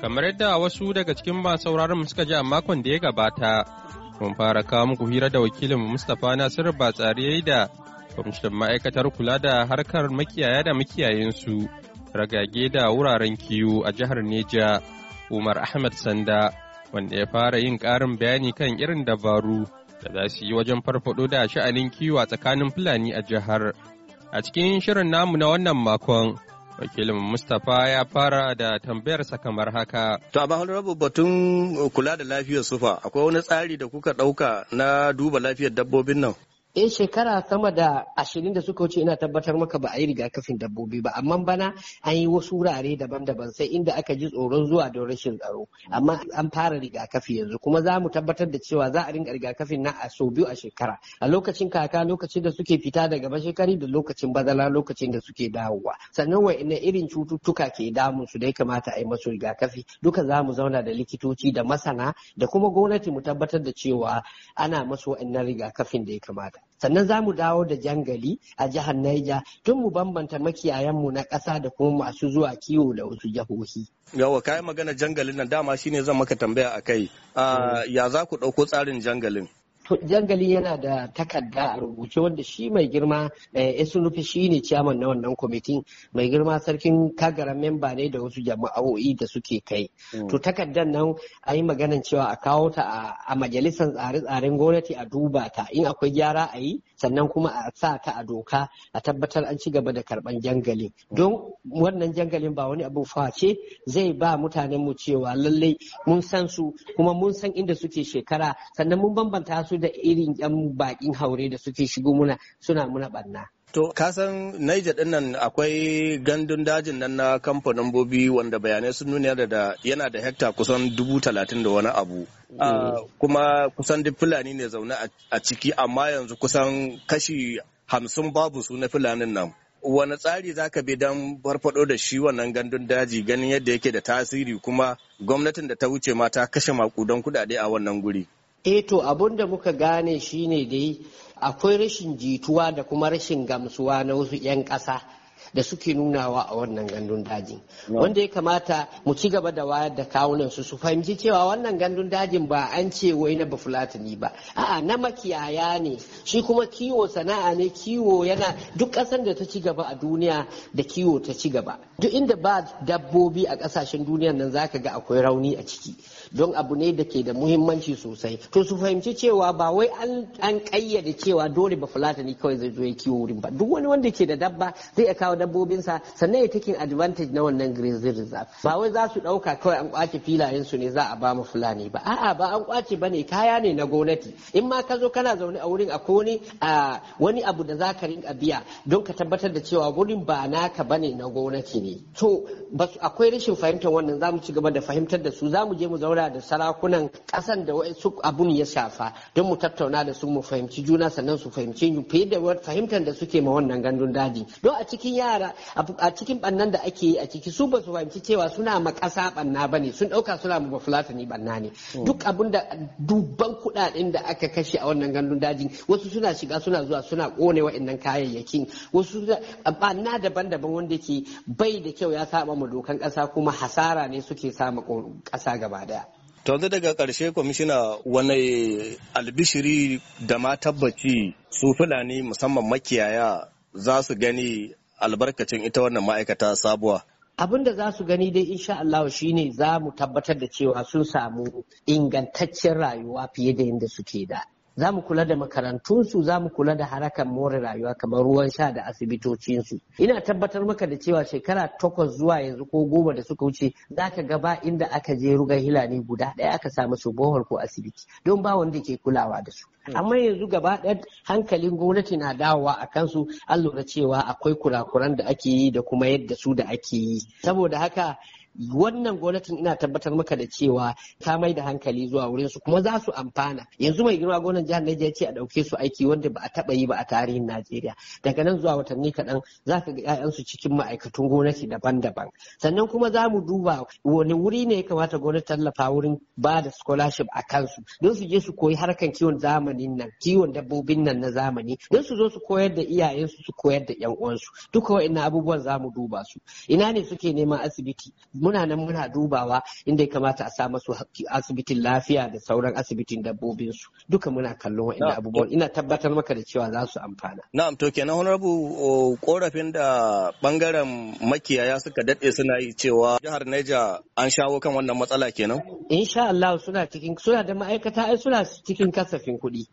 Kamar yadda wasu daga cikin ba sauraron suka ji a makon da ya gabata, mun fara kawo muku hira da wakilin Mustapha Nasiru Batsari yayi da kwamishinan ma'aikatar kula da harkar makiyaya da makiyayensu, ragage da wuraren kiwo a jihar Neja, Umar Ahmed Sanda, wanda ya fara yin ƙarin bayani kan irin dabaru da za su yi wajen farfaɗo da sha'anin kiwo a tsakanin Fulani a jihar. A cikin shirin namu na wannan makon, wakilin mustapha ya fara da tambayarsa kamar haka to amma rabu batun kula da lafiyar sufa akwai wani tsari da kuka ɗauka na duba lafiyar dabbobin nan eh shekara sama da ashirin da suka wuce ina tabbatar maka ba a yi rigakafin dabbobi ba amma bana an yi wasu wurare daban-daban sai inda aka ji tsoron zuwa don rashin tsaro amma an fara rigakafi yanzu kuma za mu tabbatar da cewa za a rinka rigakafin na a sau biyu a shekara a lokacin kaka lokacin da suke fita daga bashekari da lokacin bazala lokacin da suke dawowa sannan wa'ina irin cututtuka ke damun su da ya kamata a yi masu rigakafi duka za mu zauna da likitoci da masana da kuma gwamnati mu tabbatar da cewa ana masu wa'annan rigakafin da ya kamata sannan za mu dawo da jangali a jihar Niger tun mu bambanta mu na ƙasa da kuma masu zuwa kiwo da wasu jihohi. Yawa kayan magana jangalin nan dama shine zan maka tambaya a kai. Ah, ya za ku ɗauko tsarin jangalin? jangali yana da takarda a rubuce wanda shi mai girma eh, Nufi, shi ne ciyaman na wannan kwamitin mai girma sarkin kagaran memba ne da wasu jama'o'i da suke kai mm. to takardar nan a yi maganan cewa a kawo ta a majalisar tsare-tsaren gwamnati a duba ta in akwai gyara a yi sannan kuma a sa ta a doka a tabbatar an ci gaba da karban jangali. Mm. don wannan jangalin ba wani abu face zai ba mutanen mu cewa lallai mun san su kuma mun san inda suke shekara sannan mun bambanta su su da irin yan bakin haure da suke shigo muna suna muna barna. To, kasan Niger din nan akwai gandun dajin nan na kamfanin bobi wanda bayanai sun nuna da yana da hekta kusan dubu talatin da wani abu. Ah, mm. kuma kusan duk Fulani ne zaune a ciki amma yanzu kusan kashi hamsin babu su na Fulanin nan. Wani tsari za ka bi don farfado da shi wannan gandun daji ganin yadda yake da tasiri kuma gwamnatin da ta wuce ma ta kashe makudan kudade a wannan guri. Eto eh to abun da muka gane shine dai akwai rashin jituwa da kuma rashin gamsuwa na wasu 'yan ƙasa da suke nunawa a wannan gandun dajin wanda ya kamata mu ci gaba da wayar da kawunan su su fahimci cewa wannan gandun dajin ba an ce wai na bafulatani ba a'a na makiyaya ne shi kuma kiwo sana'a ne kiwo yana duk ƙasan da ta ci gaba a duniya da kiwo ta ci gaba duk inda ba dabbobi a ƙasashen duniyan nan zaka ga akwai rauni a ciki don abu ne da ke da muhimmanci sosai to su fahimci cewa ba wai an ƙayyade cewa dole bafulatani kawai zai zo ya kiwo wurin ba duk wani wanda ke da dabba zai iya kawo dabbobinsa sannan ya taking advantage na wannan grazing reserve ba wai za su ɗauka kawai an kwace filayen su ne za a ba mu fulani ba a'a ba an kwace bane kaya ne na gwamnati in ma ka zo kana zaune a wurin akwai a wani abu da za ka rinka biya don ka tabbatar da cewa wurin ba naka bane na gwamnati ne to akwai rashin fahimtar wannan zamu ci gaba da fahimtar da su zamu je mu zauna da sarakunan kasan da wasu abun ya shafa don mu tattauna da su mu fahimci juna sannan su fahimci fiye fahimtar da suke ma wannan gandun daji don a cikin yara yara a cikin bannan da ake yi a ciki su ba su fahimci cewa suna ma ƙasa banna ba ne sun ɗauka suna ma fulatani banna ne hmm. duk abin da dubban kuɗaɗen da aka kashe a wannan gandun dajin wasu suna shiga suna zuwa suna kone wa'annan kayayyakin wasu banna daban-daban wanda ke bai da kyau ya saba ma dokan ƙasa kuma hasara ne suke sama ƙasa gaba daya. To daga karshe kwamishina wani albishiri da ma tabbaci su fulani musamman makiyaya za su gani albarkacin ita wannan ma'aikata sabuwa abin da za su gani dai insha Allah ne za mu tabbatar da cewa sun samu ingantaccen rayuwa fiye da yadda suke da za mu kula da makarantunsu za mu kula da harakan more rayuwa kamar ruwan sha da asibitocinsu ina tabbatar maka da cewa shekara takwas zuwa yanzu ko goma da suka wuce za ka gaba inda aka je rugar hilani guda ɗaya aka samu su bohol ko asibiti don ba wanda ke kulawa da su hmm. amma yanzu gaba ɗaya hankalin gwamnati na dawowa a kansu an lura cewa akwai kurakuran da ake yi da kuma yadda su da ake yi saboda haka wannan gwamnatin ina tabbatar maka da cewa ta mai da hankali zuwa wurin su kuma za su amfana yanzu mai girma gwamnan jihar Niger ya ce a dauke su aiki wanda ba a taba yi ba a tarihin Najeriya daga nan zuwa watanni kaɗan za ka ga 'ya'yansu cikin ma'aikatun gwamnati daban-daban sannan kuma za mu duba wani wuri ne ya kamata gwamnati tallafa wurin ba da scholarship a kansu don su je su koyi harkan kiwon zamanin nan kiwon dabbobin nan na zamani don su zo su koyar da iyayensu su koyar da 'yan uwansu duka wa'annan abubuwan za mu duba su ina ne suke neman asibiti muna nan muna dubawa inda ya kamata a sa masu asibitin lafiya da sauran asibitin dabbobinsu duka muna kallon abubuwan ina tabbatar maka da cewa za su amfana. Na'am to kenan honorable korafin da bangaren makiyaya suka daɗe suna yi cewa jihar Neja an shawo kan wannan matsala kenan? Insha Allah suna cikin suna da ma'aikata ai suna cikin kasafin kuɗi.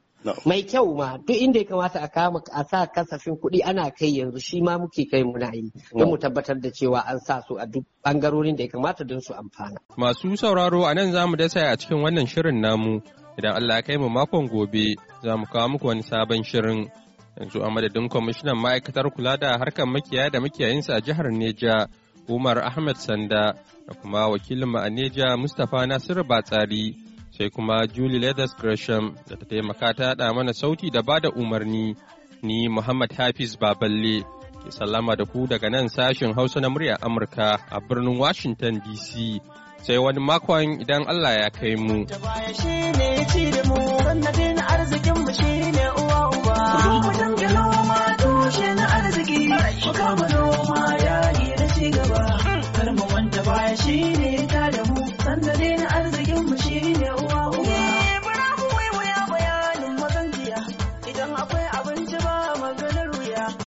mai kyau ma duk inda ya kamata a kama a sa kasafin kuɗi ana kai yanzu shi ma muke kai muna yi don mu tabbatar da cewa an sa su a duk bangarorin da ya kamata don su amfana. Masu sauraro a nan za dasa a cikin wannan shirin namu idan Allah ya kai mu makon gobe za mu kawo muku wani sabon shirin. Yanzu a madadin kwamishinan ma'aikatar kula da harkar makiyaya da makiyayinsa a jihar Neja Umar Ahmed Sanda da kuma wakilin ma'aneja Mustapha Nasiru Batsari. sai kuma Julie Leathers Gresham da ta taimaka ta haɗa mana sauti da ba da umarni ni Muhammad Hafiz Baballe ke sallama da ku daga nan sashen Hausa na murya Amurka a birnin Washington DC sai wani makon idan Allah ya kai mu. Mu kama noma ya